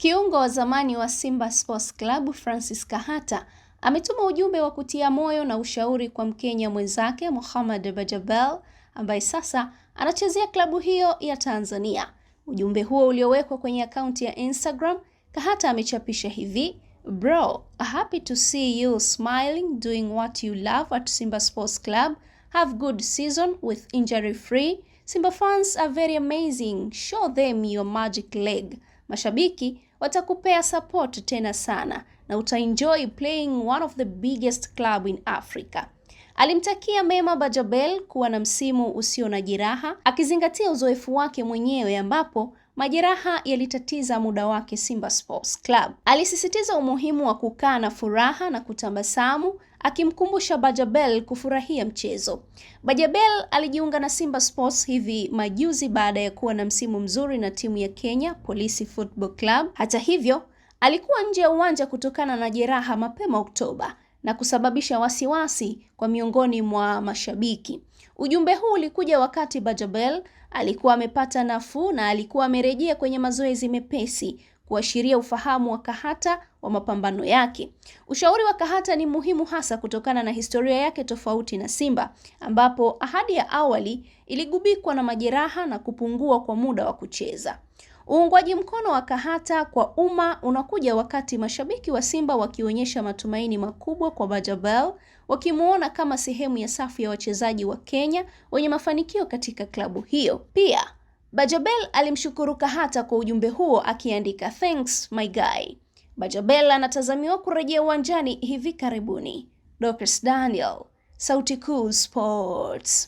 Kiungo wa zamani wa Simba Sports Club Francis Kahata ametuma ujumbe wa kutia moyo na ushauri kwa Mkenya mwenzake Mohamed bajabel ambaye sasa anachezea klabu hiyo ya Tanzania. Ujumbe huo uliowekwa kwenye akaunti ya Instagram, Kahata amechapisha hivi: Bro, happy to see you smiling doing what you love at Simba Sports Club. Have good season with injury free. Simba fans are very amazing. Show them your magic leg mashabiki watakupea support tena sana na utaenjoy playing one of the biggest club in Africa. Alimtakia mema Bajabel kuwa na msimu usio na jeraha akizingatia uzoefu wake mwenyewe ambapo majeraha yalitatiza muda wake Simba Sports Club. Alisisitiza umuhimu wa kukaa na furaha na kutabasamu akimkumbusha Bajabel kufurahia mchezo. Bajabel alijiunga na Simba Sports hivi majuzi baada ya kuwa na msimu mzuri na timu ya Kenya Police Football Club. Hata hivyo, alikuwa nje ya uwanja kutokana na jeraha mapema Oktoba na kusababisha wasiwasi kwa miongoni mwa mashabiki. Ujumbe huu ulikuja wakati Bajabel alikuwa amepata nafuu na alikuwa amerejea kwenye mazoezi mepesi kuashiria ufahamu wa Kahata wa mapambano yake. Ushauri wa Kahata ni muhimu hasa kutokana na historia yake tofauti na Simba, ambapo ahadi ya awali iligubikwa na majeraha na kupungua kwa muda wa kucheza. Uungwaji mkono wa Kahata kwa umma unakuja wakati mashabiki wa Simba wakionyesha matumaini makubwa kwa Bajabel, wakimuona kama sehemu ya safu ya wachezaji wa Kenya wenye mafanikio katika klabu hiyo. Pia Bajabel alimshukuru Kahata kwa ujumbe huo akiandika, thanks my guy. Bajabel anatazamiwa kurejea uwanjani hivi karibuni. Dorcas Daniel, Sauti Kuu Sports.